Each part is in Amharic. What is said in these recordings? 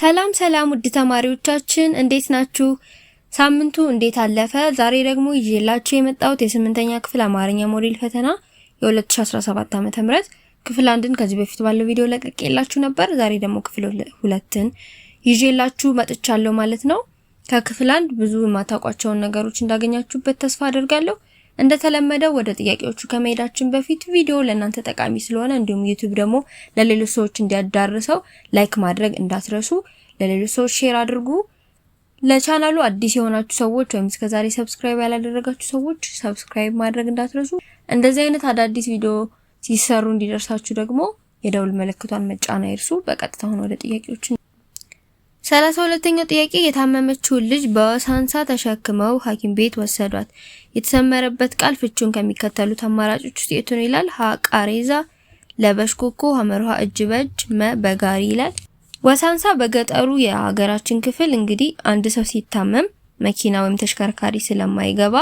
ሰላም ሰላም ውድ ተማሪዎቻችን እንዴት ናችሁ? ሳምንቱ እንዴት አለፈ? ዛሬ ደግሞ ይዤላችሁ የመጣሁት የስምንተኛ ክፍል አማርኛ ሞዴል ፈተና የ2017 ዓ.ም ክፍል አንድን ከዚህ በፊት ባለው ቪዲዮ ለቀቄላችሁ ነበር። ዛሬ ደግሞ ክፍል ሁለትን ይዤላችሁ መጥቻለሁ ማለት ነው። ከክፍል አንድ ብዙ የማታውቋቸውን ነገሮች እንዳገኛችሁበት ተስፋ አድርጋለሁ። እንደተለመደው ወደ ጥያቄዎቹ ከመሄዳችን በፊት ቪዲዮ ለእናንተ ጠቃሚ ስለሆነ እንዲሁም ዩቲዩብ ደግሞ ለሌሎች ሰዎች እንዲያዳርሰው ላይክ ማድረግ እንዳትረሱ፣ ለሌሎች ሰዎች ሼር አድርጉ። ለቻናሉ አዲስ የሆናችሁ ሰዎች ወይም እስከዛሬ ሰብስክራይብ ያላደረጋችሁ ሰዎች ሰብስክራይብ ማድረግ እንዳትረሱ። እንደዚህ አይነት አዳዲስ ቪዲዮ ሲሰሩ እንዲደርሳችሁ ደግሞ የደውል ምልክቷን መጫን አይርሱ። በቀጥታ ሆነ ወደ ጥያቄዎች ሰላሳ ሁለተኛው ጥያቄ የታመመችውን ልጅ በሳንሳ ተሸክመው ሐኪም ቤት ወሰዷት። የተሰመረበት ቃል ፍቹን ከሚከተሉት አማራጮች ውስጥ የቱን ይላል? ሀ ቃሬዛ፣ ለበሽኮኮ ሀመርሃ እጅ በእጅ፣ መ በጋሪ ይላል። ወሳንሳ በገጠሩ የሀገራችን ክፍል እንግዲህ አንድ ሰው ሲታመም መኪና ወይም ተሽከርካሪ ስለማይገባ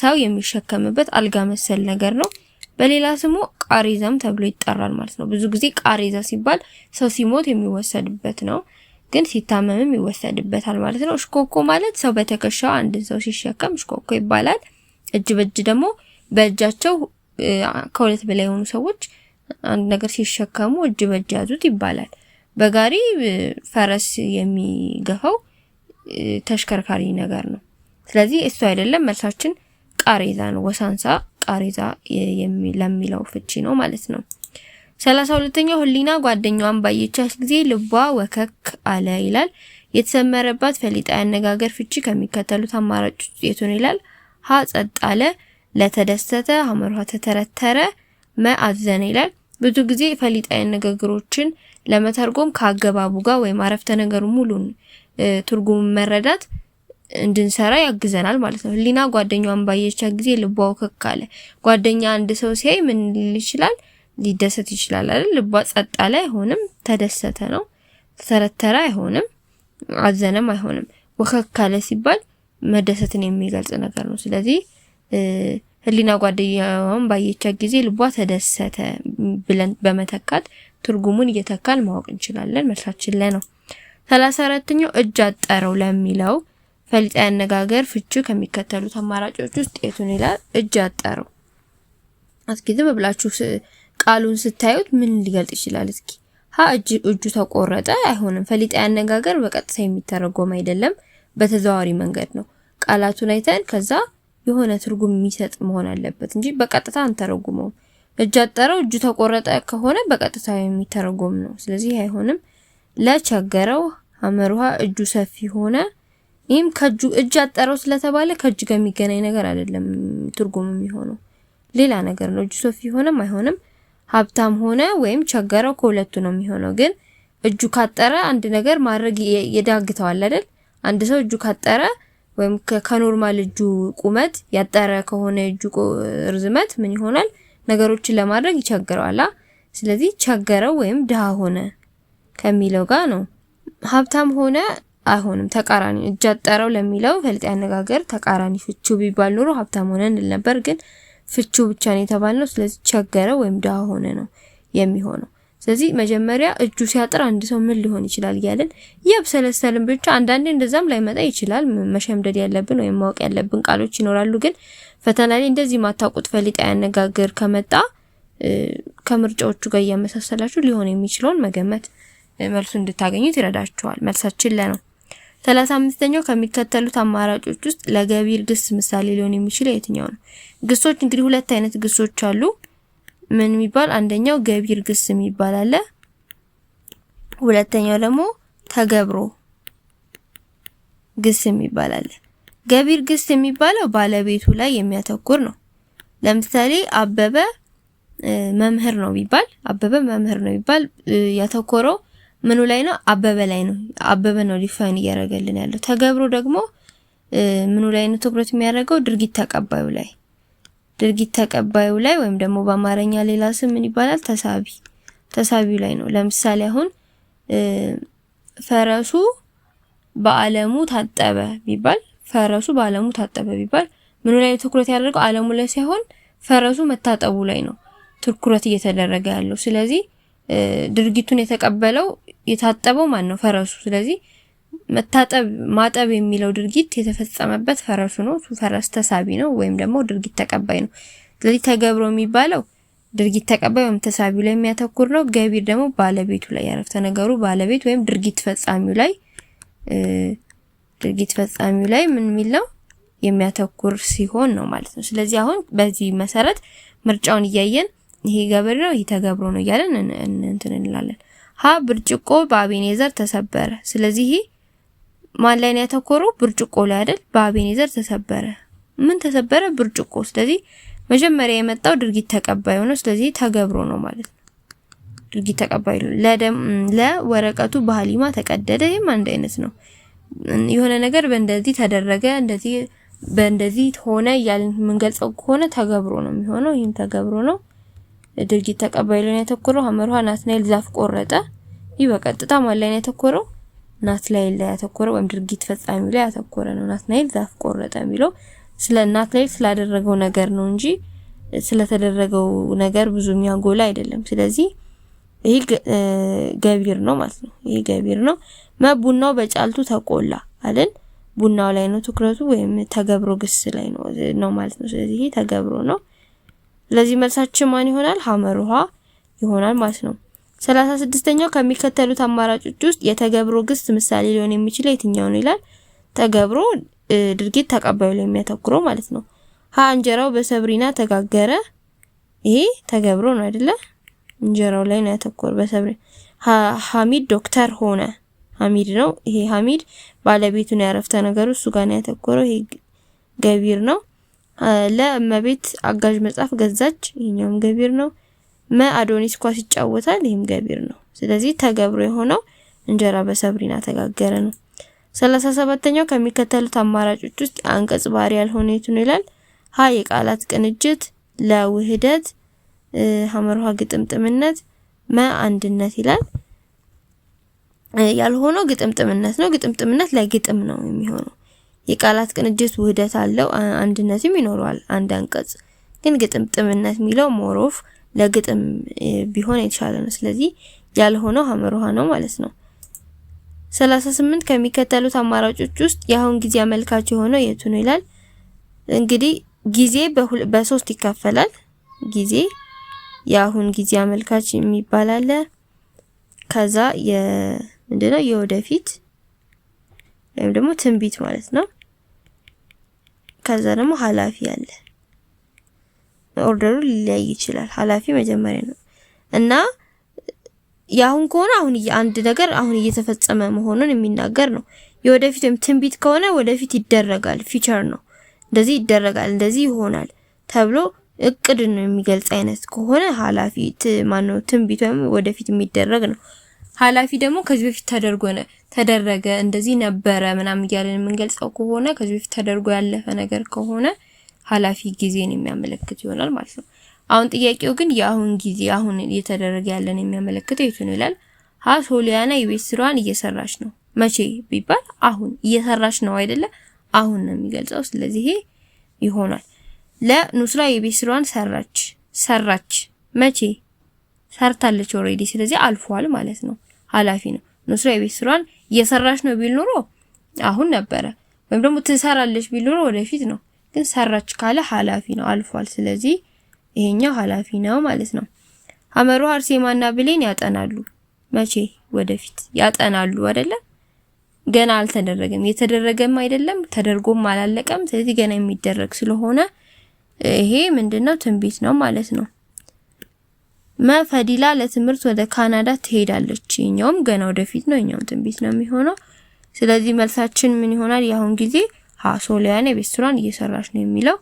ሰው የሚሸከምበት አልጋ መሰል ነገር ነው። በሌላ ስሙ ቃሬዛም ተብሎ ይጠራል ማለት ነው። ብዙ ጊዜ ቃሬዛ ሲባል ሰው ሲሞት የሚወሰድበት ነው። ግን ሲታመምም ይወሰድበታል ማለት ነው። እሽኮኮ ማለት ሰው በትከሻው አንድን ሰው ሲሸከም እሽኮኮ ይባላል። እጅ በእጅ ደግሞ በእጃቸው ከሁለት በላይ የሆኑ ሰዎች አንድ ነገር ሲሸከሙ እጅ በእጅ ያዙት ይባላል። በጋሪ ፈረስ የሚገፋው ተሽከርካሪ ነገር ነው። ስለዚህ እሱ አይደለም መልሳችን ቃሬዛ ነው። ወሳንሳ ቃሬዛ ለሚለው ፍቺ ነው ማለት ነው። ሰላሳ ሁለተኛው ህሊና ጓደኛዋን ባየቻት ጊዜ ልቧ ወከክ አለ ይላል። የተሰመረባት ፈሊጣ ያነጋገር ፍቺ ከሚከተሉት አማራጮች የቱን ይላል? ሀ ጸጥ አለ፣ ለተደሰተ ሐመርሃ ተተረተረ፣ መ አዘነ ይላል። ብዙ ጊዜ ፈሊጣ ያነጋገሮችን ለመተርጎም ከአገባቡ ጋር ወይም አረፍተ ነገሩ ሙሉን ትርጉም መረዳት እንድንሰራ ያግዘናል ማለት ነው። ህሊና ጓደኛዋን ባየቻት ጊዜ ልቧ ወከክ አለ። ጓደኛ አንድ ሰው ሲያይ ምን ሊል ይችላል? ሊደሰት ይችላል አይደል? ልቧ ጸጥ አለ አይሆንም፣ ተደሰተ ነው። ተተረተረ አይሆንም፣ አዘነም አይሆንም። ወከክ አለ ሲባል መደሰትን የሚገልጽ ነገር ነው። ስለዚህ ህሊና ጓደኛዋን ባየቻት ጊዜ ልቧ ተደሰተ ብለን በመተካት ትርጉሙን እየተካል ማወቅ እንችላለን። መልሳችን ላይ ነው። ሰላሳ አራተኛው እጅ አጠረው ለሚለው ፈሊጣ አነጋገር ፍቺ ከሚከተሉት አማራጮች ውስጥ የቱን ይላል? እጅ አጠረው አስጊዜ በብላችሁ ቃሉን ስታዩት ምን ሊገልጽ ይችላል? እስኪ ሀ እጁ ተቆረጠ አይሆንም። ፈሊጣዊ አነጋገር በቀጥታ የሚተረጎም አይደለም፣ በተዘዋዋሪ መንገድ ነው። ቃላቱን አይተን ከዛ የሆነ ትርጉም የሚሰጥ መሆን አለበት እንጂ በቀጥታ አንተረጉመውም። እጅ አጠረው እጁ ተቆረጠ ከሆነ በቀጥታ የሚተረጎም ነው። ስለዚህ አይሆንም። ለቸገረው አመሩሃ እጁ ሰፊ ሆነ። ይህም ከእጁ እጅ አጠረው ስለተባለ ከእጅ ጋር የሚገናኝ ነገር አይደለም። ትርጉም የሚሆነው ሌላ ነገር ነው። እጁ ሰፊ ሆነም አይሆንም። ሀብታም ሆነ ወይም ቸገረው ከሁለቱ ነው የሚሆነው። ግን እጁ ካጠረ አንድ ነገር ማድረግ ይዳግተዋል አይደል? አንድ ሰው እጁ ካጠረ ወይም ከኖርማል እጁ ቁመት ያጠረ ከሆነ እጁ ርዝመት ምን ይሆናል? ነገሮችን ለማድረግ ይቸግረዋል። ስለዚህ ቸገረው ወይም ድሃ ሆነ ከሚለው ጋር ነው። ሀብታም ሆነ አይሆንም፣ ተቃራኒ እጃጠረው አጠረው ለሚለው ፈልጥ አነጋገር ተቃራኒ ፍቹ ቢባል ኑሮ ሀብታም ሆነ እንል ነበር ግን ፍቹ ብቻ ነው የተባለው። ስለዚህ ቸገረ ወይም ድሃ ሆነ ነው የሚሆነው። ስለዚህ መጀመሪያ እጁ ሲያጥር አንድ ሰው ምን ሊሆን ይችላል እያለን እያብሰለሰልን ብቻ። አንዳንዴ እንደዛም ላይመጣ ይችላል። መሸምደድ ያለብን ወይም ማወቅ ያለብን ቃሎች ይኖራሉ። ግን ፈተና ላይ እንደዚህ ማታውቁት ፈሊጣ ያነጋገር ከመጣ ከምርጫዎቹ ጋር እያመሳሰላችሁ ሊሆን የሚችለውን መገመት መልሱ እንድታገኙት ይረዳችኋል። መልሳችን ለ ሰላሳ አምስተኛው ከሚከተሉት አማራጮች ውስጥ ለገቢር ግስ ምሳሌ ሊሆን የሚችል የትኛው ነው? ግሶች እንግዲህ ሁለት አይነት ግሶች አሉ። ምን የሚባል አንደኛው ገቢር ግስ የሚባል አለ። ሁለተኛው ደግሞ ተገብሮ ግስ የሚባል አለ። ገቢር ግስ የሚባለው ባለቤቱ ላይ የሚያተኩር ነው። ለምሳሌ አበበ መምህር ነው ቢባል አበበ መምህር ነው ቢባል ያተኮረው ምኑ ላይ ነው? አበበ ላይ ነው። አበበ ነው ዲፋይን እያደረገልን ያለው። ተገብሮ ደግሞ ምኑ ላይ ነው ትኩረት የሚያደርገው? ድርጊት ተቀባዩ ላይ ድርጊት ተቀባዩ ላይ ወይም ደግሞ በአማርኛ ሌላ ስም ምን ይባላል? ተሳቢ ተሳቢው ላይ ነው። ለምሳሌ አሁን ፈረሱ በአለሙ ታጠበ ቢባል ፈረሱ በአለሙ ታጠበ ቢባል ምኑ ላይ ትኩረት ያደርገው? አለሙ ላይ ሳይሆን ፈረሱ መታጠቡ ላይ ነው ትኩረት እየተደረገ ያለው። ስለዚህ ድርጊቱን የተቀበለው የታጠበው ማን ነው? ፈረሱ። ስለዚህ መታጠብ ማጠብ የሚለው ድርጊት የተፈጸመበት ፈረሱ ነው። ፈረስ ተሳቢ ነው ወይም ደግሞ ድርጊት ተቀባይ ነው። ስለዚህ ተገብሮ የሚባለው ድርጊት ተቀባይ ወይም ተሳቢው ላይ የሚያተኩር ነው። ገቢር ደግሞ ባለቤቱ ላይ ያረፍተ ነገሩ ባለቤት ወይም ድርጊት ፈጻሚው ላይ ድርጊት ፈጻሚው ላይ ምን የሚል ነው የሚያተኩር ሲሆን ነው ማለት ነው። ስለዚህ አሁን በዚህ መሰረት ምርጫውን እያየን ይሄ ገብር ነው፣ ይሄ ተገብሮ ነው እያለን እንትን እንላለን። ሀ ብርጭቆ በአቤኔዘር ተሰበረ። ስለዚህ ማን ላይ ነው ያተኮረው? ብርጭቆ ላይ አይደል? በአቤኔዘር ተሰበረ። ምን ተሰበረ? ብርጭቆ። ስለዚህ መጀመሪያ የመጣው ድርጊት ተቀባይ ነው። ስለዚህ ተገብሮ ነው ማለት ነው። ድርጊት ተቀባዩ ነው። ለወረቀቱ በሀሊማ ተቀደደ። ይህም አንድ አይነት ነው። የሆነ ነገር በእንደዚህ ተደረገ፣ እንደዚህ በእንደዚህ ሆነ እያልን የምንገልጸው ከሆነ ተገብሮ ነው የሚሆነው። ይህም ተገብሮ ነው። ድርጊት ተቀባይ ላይ ነው ያተኮረው። ሀመርሃ ናትናኤል ዛፍ ቆረጠ። ይህ በቀጥታ ማን ላይ ነው ያተኮረው? ናትናኤል ላይ ያተኮረ ወይም ድርጊት ፈጻሚው ላይ ያተኮረ ነው። ናትናኤል ዛፍ ቆረጠ የሚለው ስለ ናትናኤል ስላደረገው ነገር ነው እንጂ ስለተደረገው ነገር ብዙ የሚያጎላ አይደለም። ስለዚህ ይህ ገቢር ነው ማለት ነው። ይህ ገቢር ነው። መቡናው በጫልቱ ተቆላ አይደል? ቡናው ላይ ነው ትኩረቱ ወይም ተገብሮ ግስ ላይ ነው ነው ማለት ነው። ስለዚህ ይሄ ተገብሮ ነው። ስለዚህ መልሳችን ማን ይሆናል? ሀመር ውሃ ይሆናል ማለት ነው። ሰላሳ ስድስተኛው ከሚከተሉት አማራጮች ውስጥ የተገብሮ ግስት ምሳሌ ሊሆን የሚችለው የትኛው ነው ይላል። ተገብሮ ድርጊት ተቀባዩ ላይ የሚያተኩረው ማለት ነው። ሀ እንጀራው በሰብሪና ተጋገረ። ይሄ ተገብሮ ነው አይደለ? እንጀራው ላይ ነው ያተኮረ በሰብሪ። ሐሚድ ዶክተር ሆነ። ሀሚድ ነው ይሄ። ሐሚድ ባለቤቱን ያረፍተ ነገር እሱ ጋር ነው ያተኮረው። ይሄ ገቢር ነው። ለእመቤት አጋዥ መጽሐፍ ገዛች፣ ይሄኛውም ገቢር ነው። መ አዶኒስ ኳስ ይጫወታል፣ ይህም ገቢር ነው። ስለዚህ ተገብሮ የሆነው እንጀራ በሰብሪና ተጋገረ ነው። ሰላሳ ሰባተኛው ከሚከተሉት አማራጮች ውስጥ አንቀጽ ባህሪ ያልሆነ የቱን ይላል? ሀ የቃላት ቅንጅት፣ ለውህደት ውህደት፣ ሀመርሃ ግጥምጥምነት፣ መ አንድነት ይላል። ያልሆነው ግጥምጥምነት ነው። ግጥምጥምነት ለግጥም ነው የሚሆነው። የቃላት ቅንጅት ውህደት አለው፣ አንድነትም ይኖረዋል። አንድ አንቀጽ ግን ግጥምጥምነት የሚለው ሞሮፍ ለግጥም ቢሆን የተሻለ ነው። ስለዚህ ያልሆነው ሀመሮሃ ነው ማለት ነው። 38 ከሚከተሉት አማራጮች ውስጥ የአሁን ጊዜ አመልካች የሆነው የቱ ነው ይላል። እንግዲህ ጊዜ በሶስት ይካፈላል። ጊዜ የአሁን ጊዜ አመልካች የሚባል አለ። ከዛ የምንድነው የወደፊት ወይም ደግሞ ትንቢት ማለት ነው። ከዛ ደግሞ ሀላፊ አለ። ኦርደሩ ሊለያይ ይችላል። ሀላፊ መጀመሪያ ነው እና የአሁን ከሆነ አሁን አንድ ነገር አሁን እየተፈጸመ መሆኑን የሚናገር ነው። የወደፊት ወይም ትንቢት ከሆነ ወደፊት ይደረጋል፣ ፊቸር ነው። እንደዚህ ይደረጋል፣ እንደዚህ ይሆናል ተብሎ እቅድ ነው የሚገልጽ አይነት ከሆነ ሀላፊ ማነው ትንቢት ወይም ወደፊት የሚደረግ ነው። ኃላፊ ደግሞ ከዚህ በፊት ተደርጎ ተደረገ እንደዚህ ነበረ ምናምን እያለን የምንገልጸው ከሆነ ከዚህ በፊት ተደርጎ ያለፈ ነገር ከሆነ ኃላፊ ጊዜን የሚያመለክት ይሆናል ማለት ነው። አሁን ጥያቄው ግን የአሁን ጊዜ አሁን እየተደረገ ያለን የሚያመለክተው የቱን ይላል? ሀ ሶሊያና የቤት ስራዋን እየሰራች ነው። መቼ ቢባል አሁን እየሰራች ነው አይደለ? አሁን ነው የሚገልጸው። ስለዚህ ይሄ ይሆናል። ለኑስራ የቤት ስራዋን ሰራች። ሰራች መቼ ሰርታለች? ኦሬዲ ስለዚህ አልፏል ማለት ነው። ኃላፊ ነው። ንስራ የቤት ስራዋን እየሰራች ነው ቢል ኑሮ አሁን ነበረ፣ ወይም ደግሞ ትሰራለች ቢል ኑሮ ወደፊት ነው። ግን ሰራች ካለ ኃላፊ ነው አልፏል። ስለዚህ ይሄኛው ኃላፊ ነው ማለት ነው። አመሩ አርሴማና ብሌን ያጠናሉ። መቼ? ወደፊት ያጠናሉ አይደለ? ገና አልተደረገም፣ የተደረገም አይደለም፣ ተደርጎም አላለቀም። ስለዚህ ገና የሚደረግ ስለሆነ ይሄ ምንድነው ትንቢት ነው ማለት ነው። መፈዲላ ለትምህርት ወደ ካናዳ ትሄዳለች። ይኛውም ገና ወደፊት ነው። እኛውም ትንቢት ነው የሚሆነው። ስለዚህ መልሳችን ምን ይሆናል? የአሁን ጊዜ ሀ ሶሊያና የቤት ስራን እየሰራች ነው የሚለው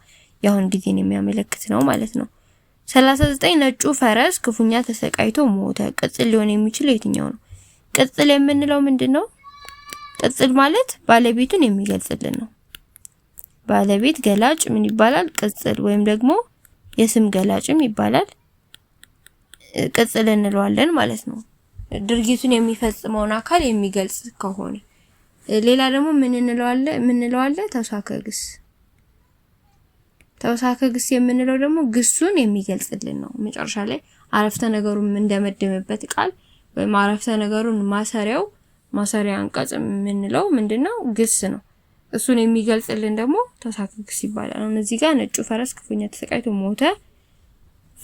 የአሁን ጊዜን የሚያመለክት ነው ማለት ነው። 39 ነጩ ፈረስ ክፉኛ ተሰቃይቶ ሞተ። ቅጽል ሊሆን የሚችል የትኛው ነው? ቅጽል የምንለው ምንድን ነው? ቅጽል ማለት ባለቤቱን የሚገልጽልን ነው። ባለቤት ገላጭ ምን ይባላል? ቅጽል ወይም ደግሞ የስም ገላጭም ይባላል። ቅጽል እንለዋለን ማለት ነው። ድርጊቱን የሚፈጽመውን አካል የሚገልጽ ከሆነ ሌላ ደግሞ ምን እንለዋለ ምን እንለዋለ ተውሳከ ግስ። ተውሳከ ግስ የምንለው ደግሞ ግሱን የሚገልጽልን ነው። መጨረሻ ላይ አረፍተ ነገሩን እንደመደመበት ቃል ወይም አረፍተ ነገሩን ማሰሪያው ማሰሪያ አንቀጽ የምንለው ምንድነው? ግስ ነው። እሱን የሚገልጽልን ደግሞ ተውሳከ ግስ ይባላል። እዚህ ጋር ነጩ ፈረስ ክፉኛ ተሰቃይቶ ሞተ።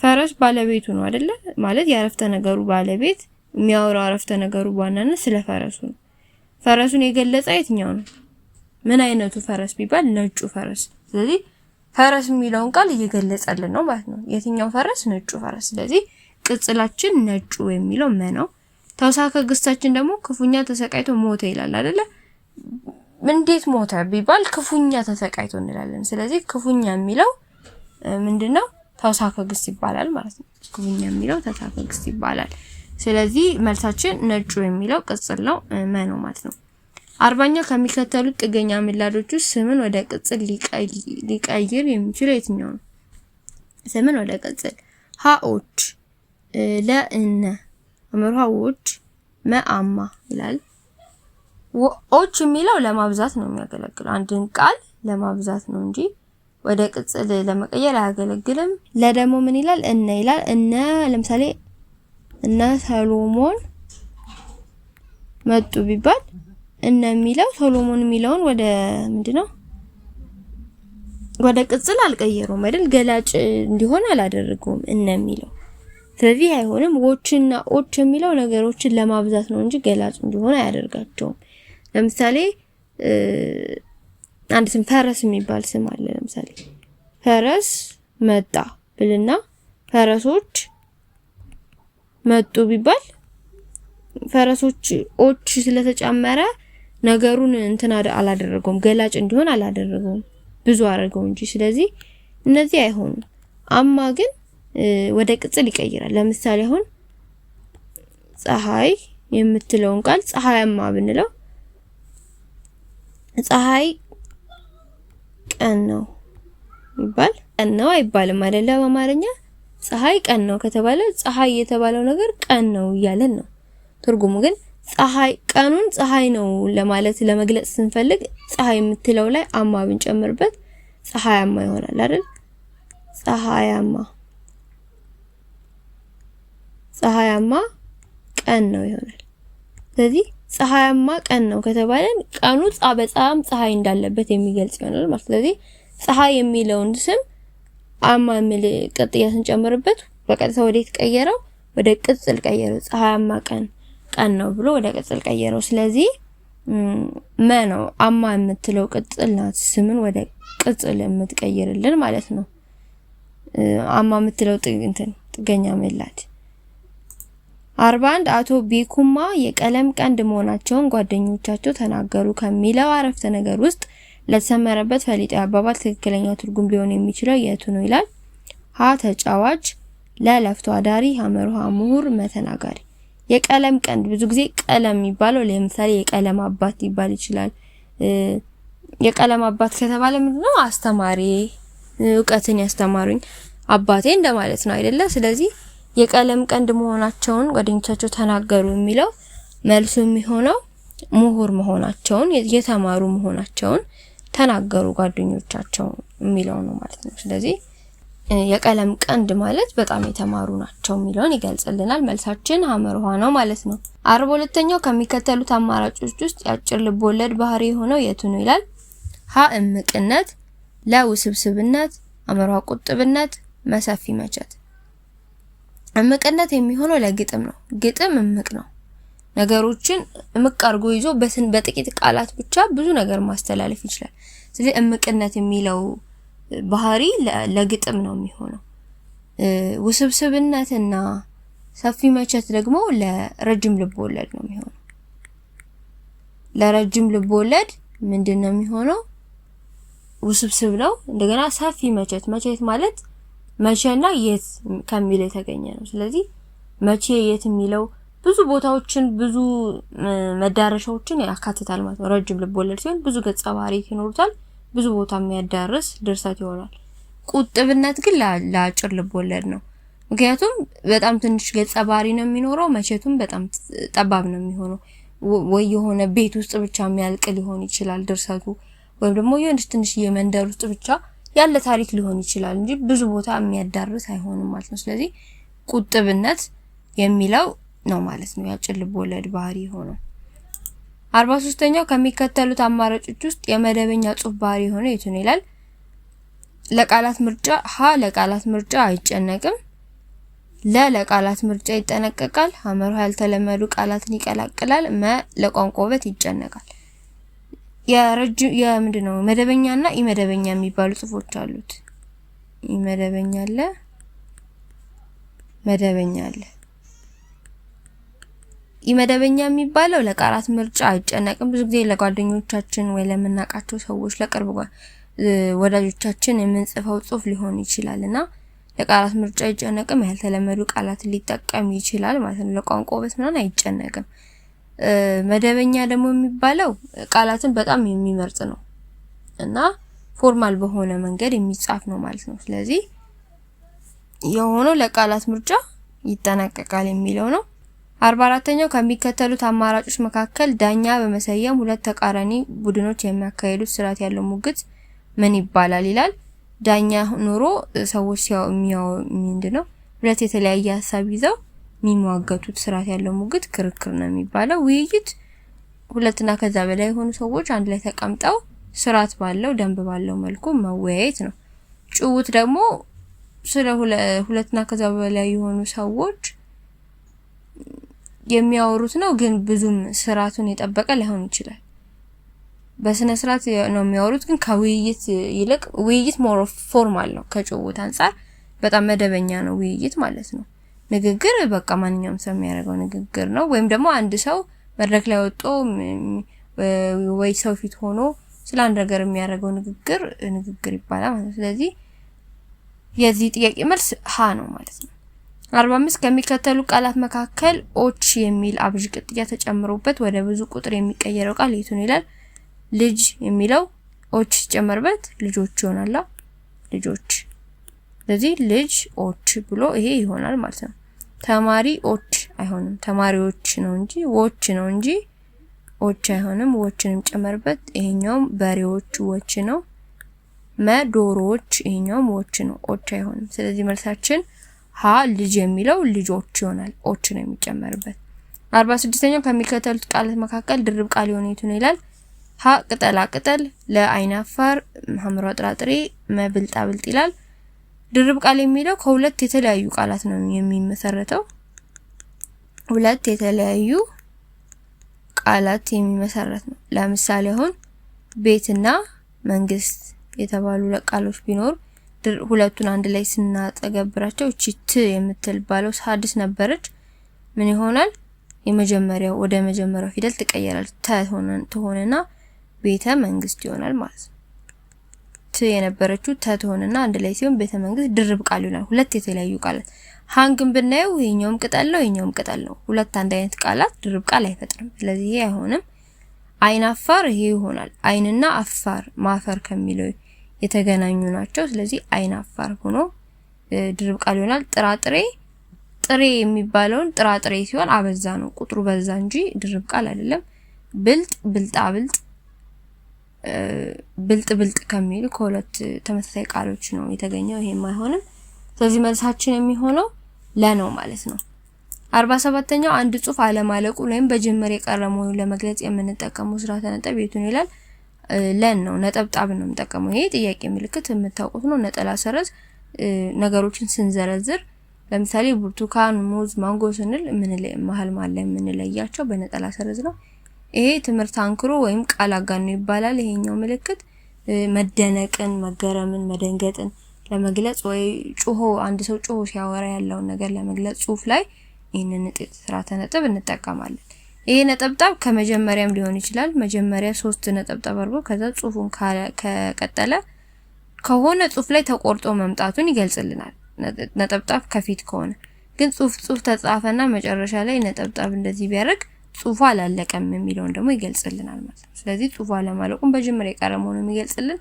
ፈረስ ባለቤቱ ነው አይደለ? ማለት የአረፍተ ነገሩ ባለቤት የሚያወራው አረፍተ ነገሩ በዋናነት ስለ ፈረሱ ነው። ፈረሱን የገለጸ የትኛው ነው? ምን አይነቱ ፈረስ ቢባል ነጩ ፈረስ። ስለዚህ ፈረስ የሚለውን ቃል እየገለጸልን ነው ማለት ነው። የትኛው ፈረስ? ነጩ ፈረስ። ስለዚህ ቅጽላችን ነጩ የሚለው መ ነው። ተውሳከ ግስታችን ደግሞ ክፉኛ ተሰቃይቶ ሞተ ይላል አይደለ? እንዴት ሞተ ቢባል ክፉኛ ተሰቃይቶ እንላለን። ስለዚህ ክፉኛ የሚለው ምንድነው? ተውሳከ ይባላል ማለት ነው። ጉብኛ የሚለው ተውሳከ ይባላል። ስለዚህ መልሳችን ነጩ የሚለው ቅጽል ነው መ ነው ማለት ነው። አርባኛ ከሚከተሉት ጥገኛ ምላዶች ውስጥ ስምን ወደ ቅጽል ሊቀይር የሚችለው የትኛው ነው? ስምን ወደ ቅጽል ሃኦች፣ ለእነ ምርሃዎች መአማ ይላል። ዎች የሚለው ለማብዛት ነው የሚያገለግለው። አንድን ቃል ለማብዛት ነው እንጂ ወደ ቅጽል ለመቀየር አያገለግልም። ለደግሞ ምን ይላል? እነ ይላል። እነ ለምሳሌ እነ ሰሎሞን መጡ ቢባል እነ የሚለው ሰሎሞን የሚለውን ወደ ምንድነው ወደ ቅጽል አልቀየሩም አይደል? ገላጭ እንዲሆን አላደረገውም እነ የሚለው ስለዚህ አይሆንም። ዎችና ኦች የሚለው ነገሮችን ለማብዛት ነው እንጂ ገላጭ እንዲሆን አያደርጋቸውም። ለምሳሌ አንድ ስም ፈረስ የሚባል ስም አለ። ለምሳሌ ፈረስ መጣ ብልና ፈረሶች መጡ ቢባል ፈረሶች ኦች ስለተጨመረ ነገሩን እንትን አላደረገውም፣ ገላጭ እንዲሆን አላደረገውም፣ ብዙ አደረገው እንጂ። ስለዚህ እነዚህ አይሆኑም። አማ ግን ወደ ቅጽል ይቀይራል። ለምሳሌ አሁን ፀሐይ የምትለውን ቃል ፀሐያማ ብንለው ፀሐይ ቀን ነው ይባል ቀን ነው አይባልም አይደለ? በአማርኛ ፀሐይ ቀን ነው ከተባለ ፀሐይ የተባለው ነገር ቀን ነው እያለን ነው። ትርጉሙ ግን ፀሐይ ቀኑን ፀሐይ ነው ለማለት ለመግለጽ ስንፈልግ ፀሐይ የምትለው ላይ አማ ብንጨምርበት ፀሐያማ ይሆናል አይደል? ፀሐያማ ፀሐያማ ቀን ነው ይሆናል። ስለዚህ ፀሐያማ ቀን ነው ከተባለን ቀኑ በጣም ፀሐይ እንዳለበት የሚገልጽ ይሆናል ማለት። ስለዚህ ፀሐይ የሚለውን ስም አማ የሚል ቅጥያ ስንጨምርበት በቀጥታ ወዴት ቀየረው? ወደ ቅጽል ቀየረው። ፀሐያማ ቀን ቀን ነው ብሎ ወደ ቅጽል ቀየረው። ስለዚህ መ ነው አማ የምትለው ቅጽል ናት፣ ስምን ወደ ቅጽል የምትቀይርልን ማለት ነው። አማ የምትለው እንትን ጥገኛ ምላት 41 አቶ ቤኩማ የቀለም ቀንድ መሆናቸውን ጓደኞቻቸው ተናገሩ ከሚለው አረፍተ ነገር ውስጥ ለተሰመረበት ፈሊጣዊ አባባል ትክክለኛ ትርጉም ሊሆን የሚችለው የቱ ነው ይላል። ሀ ተጫዋች፣ ለለፍቶ ለፍቶ አዳሪ፣ ሐመርሃ ምሁር፣ መተናጋሪ። የቀለም ቀንድ ብዙ ጊዜ ቀለም የሚባለው ለምሳሌ የቀለም አባት ሊባል ይችላል። የቀለም አባት ከተባለ ምንድነው? አስተማሪ እውቀትን ያስተማሩኝ አባቴ እንደማለት ነው አይደለ? ስለዚህ የቀለም ቀንድ መሆናቸውን ጓደኞቻቸው ተናገሩ የሚለው መልሱ የሚሆነው ምሁር መሆናቸውን የተማሩ መሆናቸውን ተናገሩ ጓደኞቻቸው የሚለው ነው ማለት ነው። ስለዚህ የቀለም ቀንድ ማለት በጣም የተማሩ ናቸው የሚለውን ይገልጽልናል። መልሳችን ውሃ ነው ማለት ነው። አርባ ሁለተኛው ከሚከተሉት አማራጮች ውስጥ የአጭር ልብ ወለድ ባህሪ የሆነው የቱ ነው ይላል። ሀ እምቅነት፣ ለ ውስብስብነት፣ ቁጥብነት፣ መሰፊ መቸት እምቅነት የሚሆነው ለግጥም ነው። ግጥም እምቅ ነው። ነገሮችን እምቅ አድርጎ ይዞ በጥቂት ቃላት ብቻ ብዙ ነገር ማስተላለፍ ይችላል። ስለዚህ እምቅነት የሚለው ባህሪ ለግጥም ነው የሚሆነው። ውስብስብነትና ሰፊ መቸት ደግሞ ለረጅም ልብወለድ ነው የሚሆነው። ለረጅም ልብወለድ ምንድን ነው የሚሆነው? ውስብስብ ነው። እንደገና ሰፊ መቸት መቸት ማለት መቼና የት ከሚለው የተገኘ ነው። ስለዚህ መቼ የት የሚለው ብዙ ቦታዎችን ብዙ መዳረሻዎችን ያካትታል ማለት ነው። ረጅም ልቦለድ ሲሆን ብዙ ገጸ ባህሪ ይኖሩታል። ብዙ ቦታ የሚያዳርስ ድርሰት ይሆናል። ቁጥብነት ግን ለአጭር ልቦለድ ነው። ምክንያቱም በጣም ትንሽ ገጸ ባህሪ ነው የሚኖረው። መቼቱም በጣም ጠባብ ነው የሚሆነው። ወይ የሆነ ቤት ውስጥ ብቻ የሚያልቅ ሊሆን ይችላል ድርሰቱ ወይም ደግሞ የሆነች ትንሽ የመንደር ውስጥ ብቻ ያለ ታሪክ ሊሆን ይችላል እንጂ ብዙ ቦታ የሚያዳርስ አይሆንም ማለት ነው። ስለዚህ ቁጥብነት የሚለው ነው ማለት ነው ያጭር ልብ ወለድ ባህሪ የሆነው። አርባ ሶስተኛው ከሚከተሉት አማራጮች ውስጥ የመደበኛ ጽሁፍ ባህሪ የሆነው የቱን ይላል? ለቃላት ምርጫ ሀ ለቃላት ምርጫ አይጨነቅም። ለ ለቃላት ምርጫ ይጠነቀቃል። ሐመር ያልተለመዱ ቃላትን ይቀላቅላል። መ ለቋንቋ ውበት ይጨነቃል። የረጅም የምንድን ነው መደበኛ እና ኢመደበኛ የሚባሉ ጽሁፎች አሉት። ኢመደበኛ አለ፣ መደበኛ አለ። ኢመደበኛ የሚባለው ለቃላት ምርጫ አይጨነቅም። ብዙ ጊዜ ለጓደኞቻችን ወይ ለምናውቃቸው ሰዎች ለቅርብ ወዳጆቻችን የምንጽፈው ጽሁፍ ሊሆን ይችላል እና ለቃላት ምርጫ አይጨነቅም። ያልተለመዱ ቃላት ሊጠቀም ይችላል ማለት ነው። ለቋንቋ ውበት ምናምን አይጨነቅም። መደበኛ ደግሞ የሚባለው ቃላትን በጣም የሚመርጥ ነው እና ፎርማል በሆነ መንገድ የሚጻፍ ነው ማለት ነው። ስለዚህ የሆነው ለቃላት ምርጫ ይጠናቀቃል የሚለው ነው። አርባ አራተኛው ከሚከተሉት አማራጮች መካከል ዳኛ በመሰየም ሁለት ተቃራኒ ቡድኖች የሚያካሂዱት ስርዓት ያለው ሙግት ምን ይባላል ይላል። ዳኛ ኑሮ ሰዎች ሲያው ምንድን ነው ሁለት የተለያየ ሀሳብ ይዘው የሚሟገቱት ስርዓት ያለው ሙግት ክርክር ነው የሚባለው። ውይይት ሁለትና ከዛ በላይ የሆኑ ሰዎች አንድ ላይ ተቀምጠው ስርዓት ባለው ደንብ ባለው መልኩ መወያየት ነው። ጭውት ደግሞ ስለ ሁለትና ከዛ በላይ የሆኑ ሰዎች የሚያወሩት ነው፣ ግን ብዙም ስርዓቱን የጠበቀ ላይሆን ይችላል። በስነ ስርዓት ነው የሚያወሩት፣ ግን ከውይይት ይልቅ ውይይት ሞር ፎርማል ነው። ከጭውት አንጻር በጣም መደበኛ ነው ውይይት ማለት ነው። ንግግር በቃ ማንኛውም ሰው የሚያደርገው ንግግር ነው። ወይም ደግሞ አንድ ሰው መድረክ ላይ ወጦ ወይ ሰው ፊት ሆኖ ስለ አንድ ነገር የሚያደርገው ንግግር ንግግር ይባላል ማለት ነው። ስለዚህ የዚህ ጥያቄ መልስ ሀ ነው ማለት ነው። አርባ አምስት ከሚከተሉ ቃላት መካከል ኦች የሚል አብዥ ቅጥያ ተጨምሮበት ወደ ብዙ ቁጥር የሚቀየረው ቃል የቱን ይላል? ልጅ የሚለው ኦች ሲጨመርበት ልጆች ይሆናላ። ልጆች። ስለዚህ ልጅ ኦች ብሎ ይሄ ይሆናል ማለት ነው። ኦች አይሆንም፣ ተማሪዎች ነው እንጂ ዎች ነው እንጂ ኦች አይሆንም። ዎችንም ጨመርበት። ይሄኛውም በሬዎቹ ዎች ነው። መዶሮዎች ይሄኛውም ዎች ነው፣ ኦች አይሆንም። ስለዚህ መልሳችን ሀ ልጅ የሚለው ልጆች ይሆናል። ኦች ነው የሚጨመርበት። አርባ ስድስተኛው ከሚከተሉት ቃላት መካከል ድርብ ቃል የሆነ የቱ ነው ይላል። ሀ ቅጠላ ቅጠል፣ ለአይናፋር ሐምራ ጥራጥሬ፣ መብልጣብልጥ ይላል። ድርብ ቃል የሚለው ከሁለት የተለያዩ ቃላት ነው የሚመሰረተው። ሁለት የተለያዩ ቃላት የሚመሰረት ነው። ለምሳሌ አሁን ቤትና መንግስት የተባሉ ቃሎች ቢኖር ሁለቱን አንድ ላይ ስናጠገብራቸው እቺ ት የምትባለው ሳድስ ነበረች። ምን ይሆናል? የመጀመሪያው ወደ መጀመሪያው ፊደል ትቀየራለች። ተሆነና ቤተ መንግስት ይሆናል ማለት ነው። የነበረችው ተትሆንና አንድ ላይ ሲሆን ቤተ መንግስት ድርብ ቃል ይሆናል። ሁለት የተለያዩ ቃላት ሃንግን ብናየው ይሄኛውም ቅጠል ነው፣ ይሄኛውም ቅጠል ነው። ሁለት አንድ አይነት ቃላት ድርብ ቃል አይፈጥርም። ስለዚህ ይሄ አይሆንም። አይን አፋር ይሄ ይሆናል። አይንና አፋር ማፈር ከሚለው የተገናኙ ናቸው። ስለዚህ አይን አፋር ሆኖ ድርብ ቃል ይሆናል። ጥራጥሬ ጥሬ የሚባለውን ጥራጥሬ ሲሆን አበዛ ነው ቁጥሩ በዛ እንጂ ድርብ ቃል አይደለም። ብልጥ ብልጣ ብልጥ ብልጥ ብልጥ ከሚሉ ከሁለት ተመሳሳይ ቃሎች ነው የተገኘው። ይሄም አይሆንም። ስለዚህ መልሳችን የሚሆነው ለነው ማለት ነው። አርባ ሰባተኛው አንድ ጽሁፍ አለማለቁን ወይም በጅምር የቀረ መሆኑን ለመግለጽ የምንጠቀመው ስርዓተ ነጥብ የቱን ይላል? ለን ነው፣ ነጠብጣብ ነው የምንጠቀመው። ይሄ ጥያቄ ምልክት የምታውቁት ነው። ነጠላ ሰረዝ ነገሮችን ስንዘረዝር ለምሳሌ ብርቱካን፣ ሙዝ፣ ማንጎ ስንል ምን መሀል መሀል ላይ የምንለያቸው በነጠላ ሰረዝ ነው። ይሄ ትምህርት አንክሮ ወይም ቃል አጋኖ ይባላል። ይሄኛው ምልክት መደነቅን፣ መገረምን፣ መደንገጥን ለመግለጽ ወይ ጩሆ አንድ ሰው ጩሆ ሲያወራ ያለውን ነገር ለመግለጽ ጽሁፍ ላይ ይህንን ስርዓተ ነጥብ እንጠቀማለን። ይሄ ነጠብጣብ ከመጀመሪያም ሊሆን ይችላል። መጀመሪያ ሶስት ነጠብጣብ አድርጎ ከዛ ጽሁፉን ከቀጠለ ከሆነ ጽሁፍ ላይ ተቆርጦ መምጣቱን ይገልጽልናል። ነጠብጣብ ከፊት ከሆነ ግን ጽሁፍ ጽሁፍ ተጻፈና መጨረሻ ላይ ነጠብጣብ እንደዚህ ቢያደርግ ጽሁፉ አላለቀም የሚለውን ደግሞ ይገልጽልናል ማለት ነው። ስለዚህ ጽሁፉ አለማለቁም በጅምር የቀረ መሆኑን የሚገልጽልን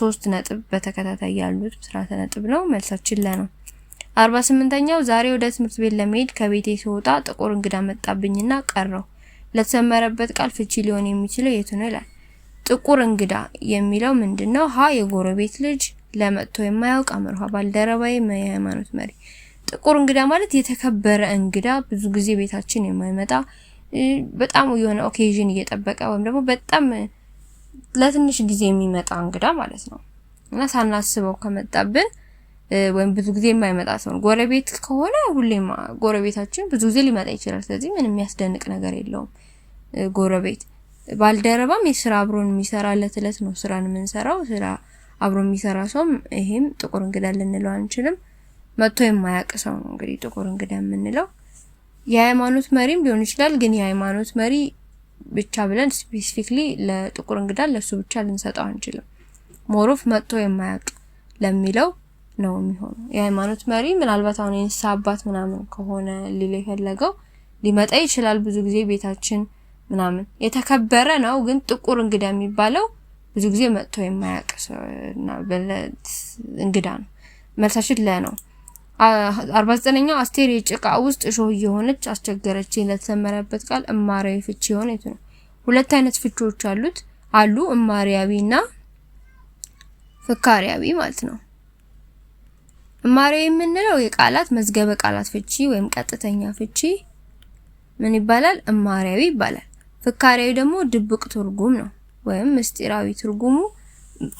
ሶስት ነጥብ በተከታታይ ያሉት ስርዓተ ነጥብ ነው። መልሳችን ለ ነው። አርባ ስምንተኛው ዛሬ ወደ ትምህርት ቤት ለመሄድ ከቤቴ ሲወጣ ጥቁር እንግዳ መጣብኝና ቀረው። ለተሰመረበት ቃል ፍቺ ሊሆን የሚችለው የቱ ነው ይላል። ጥቁር እንግዳ የሚለው ምንድነው? ሀ የጎረቤት ልጅ፣ ለመጥቶ የማያውቅ አምርሃ ባልደረባ የሃይማኖት መሪ። ጥቁር እንግዳ ማለት የተከበረ እንግዳ፣ ብዙ ጊዜ ቤታችን የማይመጣ በጣም የሆነ ኦኬዥን እየጠበቀ ወይም ደግሞ በጣም ለትንሽ ጊዜ የሚመጣ እንግዳ ማለት ነው እና ሳናስበው ከመጣብን ወይም ብዙ ጊዜ የማይመጣ ሰው ጎረቤት ከሆነ ሁሌም ጎረቤታችን ብዙ ጊዜ ሊመጣ ይችላል። ስለዚህ ምንም የሚያስደንቅ ነገር የለውም። ጎረቤት ባልደረባም የስራ አብሮን የሚሰራ እለት እለት ነው ስራን የምንሰራው ስራ አብሮ የሚሰራ ሰውም ይሄም ጥቁር እንግዳ ልንለው አንችልም። መጥቶ የማያውቅ ሰው ነው እንግዲህ ጥቁር እንግዳ የምንለው። የሃይማኖት መሪም ሊሆን ይችላል። ግን የሃይማኖት መሪ ብቻ ብለን ስፔሲፊክሊ ለጥቁር እንግዳ ለሱ ብቻ ልንሰጠው አንችልም። ሞሮፍ መጥቶ የማያውቅ ለሚለው ነው የሚሆነው። የሃይማኖት መሪ ምናልባት አሁን የእንስሳ አባት ምናምን ከሆነ ሊል የፈለገው ሊመጣ ይችላል። ብዙ ጊዜ ቤታችን ምናምን የተከበረ ነው። ግን ጥቁር እንግዳ የሚባለው ብዙ ጊዜ መጥቶ የማያውቅ እንግዳ ነው። መልሳችን ለ ነው። አርባ ዘጠነኛው አስቴር የጭቃ ውስጥ እሾህ እየሆነች አስቸገረች ለተሰመረበት ቃል እማሪያዊ ፍቺ የሆነት ነው? ሁለት አይነት ፍቺዎች አሉት አሉ እማሪያዊና ፍካሪያዊ ማለት ነው። እማሪያዊ የምንለው የቃላት መዝገበ ቃላት ፍቺ ወይም ቀጥተኛ ፍቺ ምን ይባላል? እማሪያዊ ይባላል። ፍካሪያዊ ደግሞ ድብቅ ትርጉም ነው ወይም ምስጢራዊ ትርጉሙ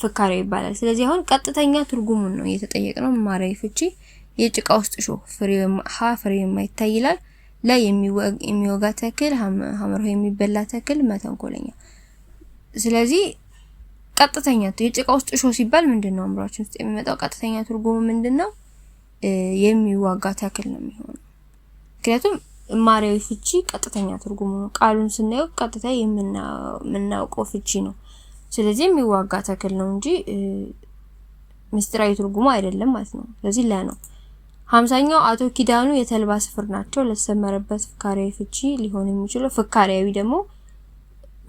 ፍካሪያዊ ይባላል። ስለዚህ አሁን ቀጥተኛ ትርጉሙን ነው እየተጠየቅነው እማሪያዊ ፍቺ የጭቃ ውስጥ ፍሬው ሀ ፍሬው የማይታይ ይላል። ላይ የሚወጋ ተክል ሀመርሆ የሚበላ ተክል መተንኮለኛ። ስለዚህ ቀጥተኛ የጭቃ ውስጥ እሾህ ሲባል ምንድን ነው አእምሯችን ውስጥ የሚመጣው ቀጥተኛ ትርጉሙ ምንድን ነው? የሚዋጋ ተክል ነው የሚሆነው። ምክንያቱም ማሪያዊ ፍቺ ቀጥተኛ ትርጉሙ ነው። ቃሉን ስናየው ቀጥታ የምናውቀው ፍቺ ነው። ስለዚህ የሚዋጋ ተክል ነው እንጂ ምስጢራዊ ትርጉሙ አይደለም ማለት ነው። ስለዚህ ለ ነው። ሀምሳኛው አቶ ኪዳኑ የተልባ ስፍር ናቸው። ለተሰመረበት ፍካሪያዊ ፍቺ ሊሆን የሚችለው ፍካሪያዊ ደግሞ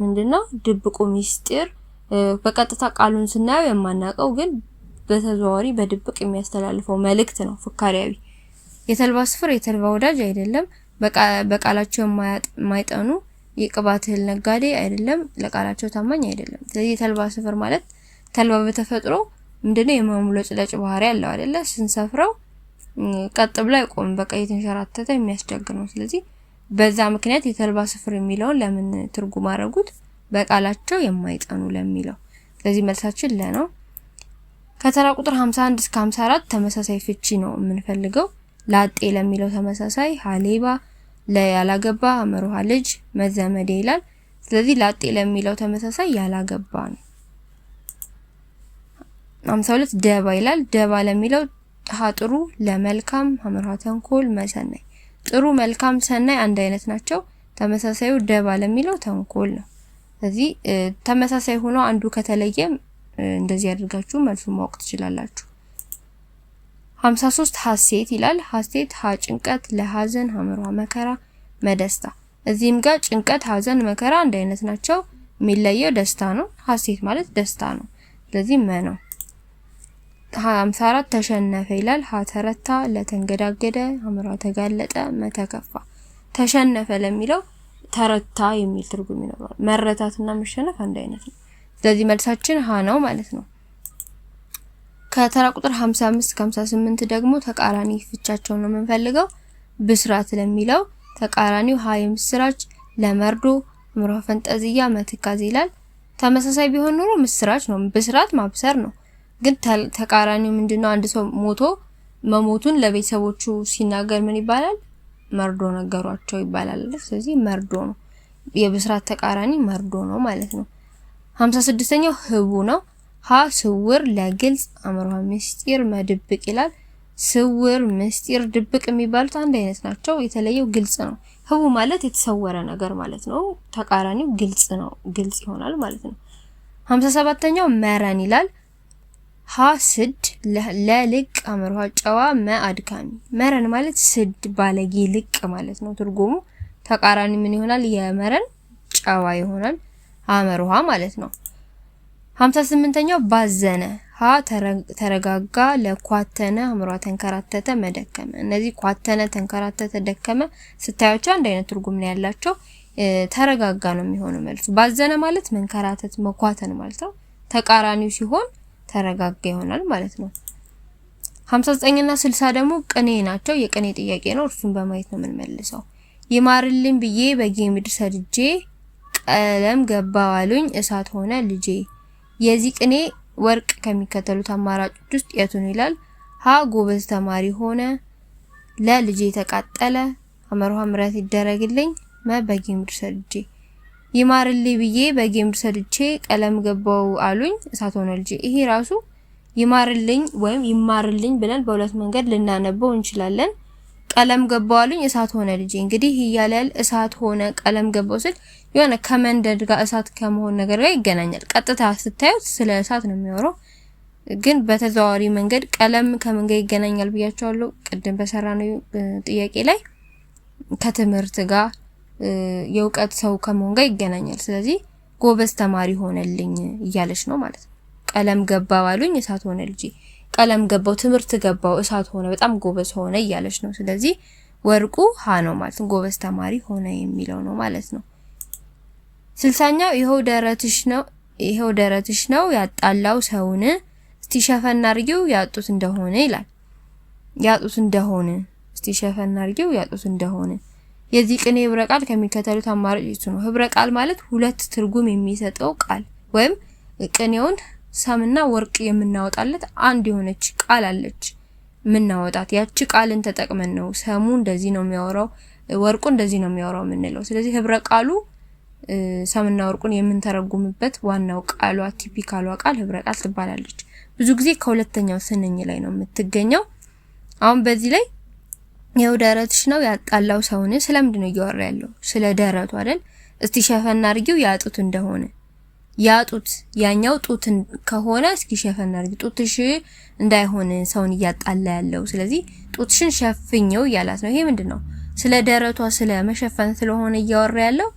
ምንድነው? ድብቁ ሚስጢር በቀጥታ ቃሉን ስናየው የማናውቀው ግን በተዘዋዋሪ በድብቅ የሚያስተላልፈው መልእክት ነው ፍካሪያዊ። የተልባ ስፍር የተልባ ወዳጅ አይደለም። በቃላቸው የማይጠኑ የቅባት እህል ነጋዴ አይደለም። ለቃላቸው ታማኝ አይደለም። ስለዚህ የተልባ ስፍር ማለት ተልባ በተፈጥሮ ምንድነው? የማሙለጭለጭ ባህሪ ያለው አይደለ? ስንሰፍረው ቀጥ ብሎ አይቆምም። በቃ እየተንሸራተተ የሚያስቸግር ነው። ስለዚህ በዛ ምክንያት የተልባ ስፍር የሚለውን ለምን ትርጉም አደረጉት? በቃላቸው የማይጠኑ ለሚለው። ስለዚህ መልሳችን ለ ነው። ከተራ ቁጥር 51 እስከ 54 ተመሳሳይ ፍቺ ነው የምንፈልገው። ላጤ ለሚለው ተመሳሳይ ሀሌባ፣ ለያላገባ፣ መሮሃ ልጅ፣ መዘመዴ ይላል። ስለዚህ ላጤ ለሚለው ተመሳሳይ ያላገባ ነው። 52 ደባ ይላል። ደባ ለሚለው ጥሩ ለመልካም ሀምርሃ ተንኮል መሰናይ ጥሩ መልካም ሰናይ አንድ አይነት ናቸው። ተመሳሳዩ ደባ ለሚለው ተንኮል ነው። ስለዚህ ተመሳሳይ ሆኖ አንዱ ከተለየ እንደዚህ አድርጋችሁ መልሱ ማወቅ ትችላላችሁ። 53 ሀሴት ይላል። ሀሴት ሀ ጭንቀት ለሀዘን ሀመርሃ መከራ መደስታ እዚህም ጋር ጭንቀት፣ ሀዘን፣ መከራ አንድ አይነት ናቸው። የሚለየው ደስታ ነው። ሀሴት ማለት ደስታ ነው። ስለዚህ መ ነው። ሀምሳ አራት ተሸነፈ ይላል። ሀተረታ ለተንገዳገደ፣ አምራ ተጋለጠ፣ መተከፋ ተሸነፈ ለሚለው ተረታ የሚል ትርጉም ይኖረዋል። መረታትና መሸነፍ አንድ አይነት ነው። ስለዚህ መልሳችን ሀ ነው ማለት ነው። ከተራ ቁጥር 55 እስከ 58 ደግሞ ተቃራኒ ፍቻቸው ነው የምንፈልገው። ብስራት ለሚለው ተቃራኒው ሀ የምስራች፣ ለመርዶ ምራ ፈንጠዝያ፣ መትካዝ ይላል። ተመሳሳይ ቢሆን ኑሮ ምስራች ነው። ብስራት ማብሰር ነው። ግን ተቃራኒው ምንድነው? አንድ ሰው ሞቶ መሞቱን ለቤተሰቦቹ ሲናገር ምን ይባላል? መርዶ ነገሯቸው ይባላል። ስለዚህ መርዶ ነው። የብስራት ተቃራኒ መርዶ ነው ማለት ነው። ሀምሳ ስድስተኛው ህቡ ነው። ሀ ስውር ለግልጽ አምሮ ምስጢር መድብቅ ይላል። ስውር ምስጢር ድብቅ የሚባሉት አንድ አይነት ናቸው። የተለየው ግልጽ ነው። ህቡ ማለት የተሰወረ ነገር ማለት ነው። ተቃራኒው ግልጽ ነው። ግልጽ ይሆናል ማለት ነው። ሀምሳ ሰባተኛው መረን ይላል ሀ ስድ ለልቅ አምርሃ ጨዋ መ አድካሚ መረን ማለት ስድ ባለጌ ልቅ ማለት ነው። ትርጉሙ ተቃራኒ ምን ይሆናል? የመረን ጨዋ ይሆናል አመርሃ ማለት ነው። ሀምሳ ስምንተኛው ባዘነ ሀ ተረጋጋ ለኳተነ አምሯ ተንከራተተ መደከመ። እነዚህ ኳተነ፣ ተንከራተተ፣ ደከመ ስታያቸው አንድ አይነት ትርጉም ነው ያላቸው። ተረጋጋ ነው የሚሆነው መልሱ። ባዘነ ማለት መንከራተት መኳተን ማለት ነው። ተቃራኒው ሲሆን ተረጋጋ ይሆናል ማለት ነው። 59 እና 60 ደግሞ ቅኔ ናቸው። የቅኔ ጥያቄ ነው። እርሱን በማየት ነው የምንመልሰው። ይማርልኝ ብዬ በጌ ምድር ሰድጄ ቀለም አሉኝ እሳት ሆነ ልጄ። የዚህ ቅኔ ወርቅ ከሚከተሉት አማራጮች ውስጥ የቱን ይላል? ሀ ጎበዝ ተማሪ ሆነ፣ ለልጄ ተቃጠለ፣ አመርሃ ምረት ይደረግልኝ፣ መ በጌ ምድር ሰድጄ ይማርልኝ ብዬ በጌም ሰድቼ ቀለም ገባው አሉኝ፣ እሳት ሆነ ልጄ። ይሄ ራሱ ይማርልኝ ወይም ይማርልኝ ብለን በሁለት መንገድ ልናነበው እንችላለን። ቀለም ገባው አሉኝ፣ እሳት ሆነ ልጄ። እንግዲህ እያለል እሳት ሆነ ቀለም ገባው ስል የሆነ ከመንደድ ጋር እሳት ከመሆን ነገር ጋር ይገናኛል። ቀጥታ ስታዩት ስለ እሳት ነው የሚያወራው፣ ግን በተዘዋዋሪ መንገድ ቀለም ከምን ጋር ይገናኛል ብያቸዋለሁ ቅድም በሰራ ጥያቄ ላይ ከትምህርት ጋር የእውቀት ሰው ከመሆን ጋር ይገናኛል። ስለዚህ ጎበዝ ተማሪ ሆነልኝ እያለች ነው ማለት ነው። ቀለም ገባ ባሉኝ እሳት ሆነ ልጅ፣ ቀለም ገባው፣ ትምህርት ገባው፣ እሳት ሆነ፣ በጣም ጎበዝ ሆነ እያለች ነው። ስለዚህ ወርቁ ሀ ነው ማለት ነው። ጎበዝ ተማሪ ሆነ የሚለው ነው ማለት ነው። ስልሳኛው ይኸው ደረትሽ ነው ይኸው ደረትሽ ነው ያጣላው ሰውን እስቲ ሸፈን አድርጊው ያጡት እንደሆነ ይላል። ያጡት እንደሆነ እስቲ ሸፈን አድርጊው ያጡት እንደሆነ የዚህ ቅኔ ህብረ ቃል ከሚከተሉት አማራጭ ነው? ህብረ ቃል ማለት ሁለት ትርጉም የሚሰጠው ቃል ወይም ቅኔውን ሰምና ወርቅ የምናወጣለት አንድ የሆነች ቃል አለች የምናወጣት። ያቺ ቃልን ተጠቅመን ነው ሰሙ እንደዚህ ነው የሚያወራው፣ ወርቁ እንደዚህ ነው የሚያወራው የምንለው። ስለዚህ ህብረ ቃሉ ሰምና ወርቁን የምንተረጉምበት ዋናው ቃሏ ቲፒካሏ ቃል ህብረ ቃል ትባላለች። ብዙ ጊዜ ከሁለተኛው ስንኝ ላይ ነው የምትገኘው። አሁን በዚህ ላይ ይኸው ደረትሽ ነው ያጣላው ሰውን። ስለምንድን ነው እያወራ ያለው? ስለ ደረቱ አይደል? እስቲ ሸፈን አድርጊው ያጡት እንደሆነ ያጡት ያኛው ጡት ከሆነ እስኪ ሸፈን አድርጊው ጡትሽ እንዳይሆን ሰውን እያጣላ ያለው። ስለዚህ ጡትሽን ሸፍኘው እያላት ነው። ይሄ ምንድን ነው? ስለ ደረቷ ስለ መሸፈን ስለሆነ እያወራ ያለው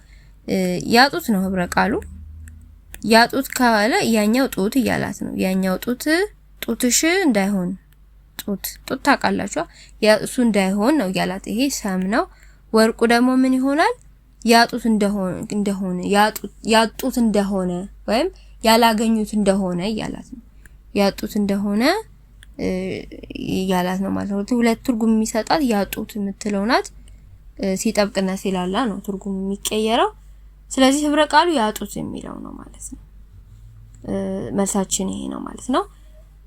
ያጡት ነው ህብረ ቃሉ። ያጡት ካለ ያኛው ጡት እያላት ነው። ያኛው ጡት ጡትሽ እንዳይሆን ጡት ጡት ታውቃላችሁ ያጡት እንዳይሆን ነው ያላት። ይሄ ሰም ነው። ወርቁ ደግሞ ምን ይሆናል? ያጡት እንደሆነ እንደሆነ ያጡት እንደሆነ ወይም ያላገኙት እንደሆነ እያላት ነው። ያጡት እንደሆነ እያላት ነው ማለት ነው። ሁለት ትርጉም የሚሰጣት ያጡት የምትለው ናት። ሲጠብቅና ሲላላ ነው ትርጉም የሚቀየረው። ስለዚህ ህብረ ቃሉ ያጡት የሚለው ነው ማለት ነው። መልሳችን ይሄ ነው ማለት ነው።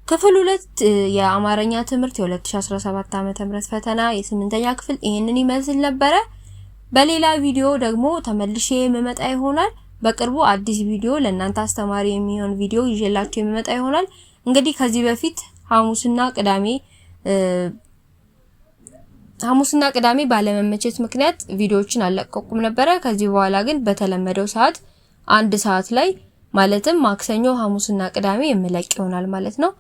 ክፍል ሁለት የአማርኛ ትምህርት የ2017 ዓ.ም ፈተና የስምንተኛ ክፍል ይህንን ይመስል ነበረ። በሌላ ቪዲዮ ደግሞ ተመልሼ የምመጣ ይሆናል። በቅርቡ አዲስ ቪዲዮ ለእናንተ አስተማሪ የሚሆን ቪዲዮ ይዤላችሁ የምመጣ ይሆናል። እንግዲህ ከዚህ በፊት ሐሙስና ቅዳሜ ሐሙስና ቅዳሜ ባለመመቸት ምክንያት ቪዲዮዎችን አለቀቁም ነበረ። ከዚህ በኋላ ግን በተለመደው ሰዓት አንድ ሰዓት ላይ ማለትም ማክሰኞ፣ ሐሙስና ቅዳሜ የምለቅ ይሆናል ማለት ነው።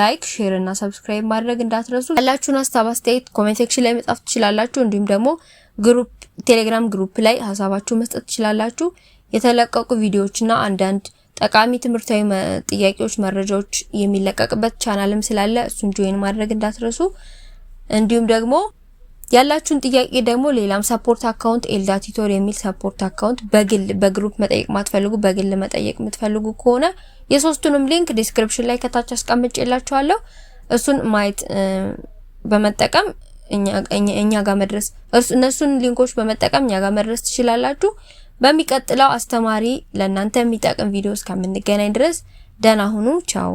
ላይክ፣ ሼር እና ሰብስክራይብ ማድረግ እንዳትረሱ። ያላችሁን ሀሳብ አስተያየት ኮሜንት ሴክሽን ላይ መጻፍ ትችላላችሁ። እንዲሁም ደግሞ ግሩፕ ቴሌግራም ግሩፕ ላይ ሀሳባችሁ መስጠት ትችላላችሁ። የተለቀቁ ቪዲዮዎችና አንዳንድ ጠቃሚ ትምህርታዊ ጥያቄዎች፣ መረጃዎች የሚለቀቅበት ቻናልም ስላለ እሱን ጆይን ማድረግ እንዳትረሱ። እንዲሁም ደግሞ ያላችሁን ጥያቄ ደግሞ ሌላም ሰፖርት አካውንት ኤልዳ ቲቶር የሚል ሰፖርት አካውንት በግል በግሩፕ መጠየቅ ማትፈልጉ በግል መጠየቅ የምትፈልጉ ከሆነ የሶስቱንም ሊንክ ዲስክሪፕሽን ላይ ከታች አስቀምጬላችኋለሁ። እሱን ማየት በመጠቀም እኛ ጋር መድረስ እነሱን ሊንኮች በመጠቀም እኛ ጋር መድረስ ትችላላችሁ። በሚቀጥለው አስተማሪ ለእናንተ የሚጠቅም ቪዲዮ እስከምንገናኝ ድረስ ደህና ሁኑ። ቻው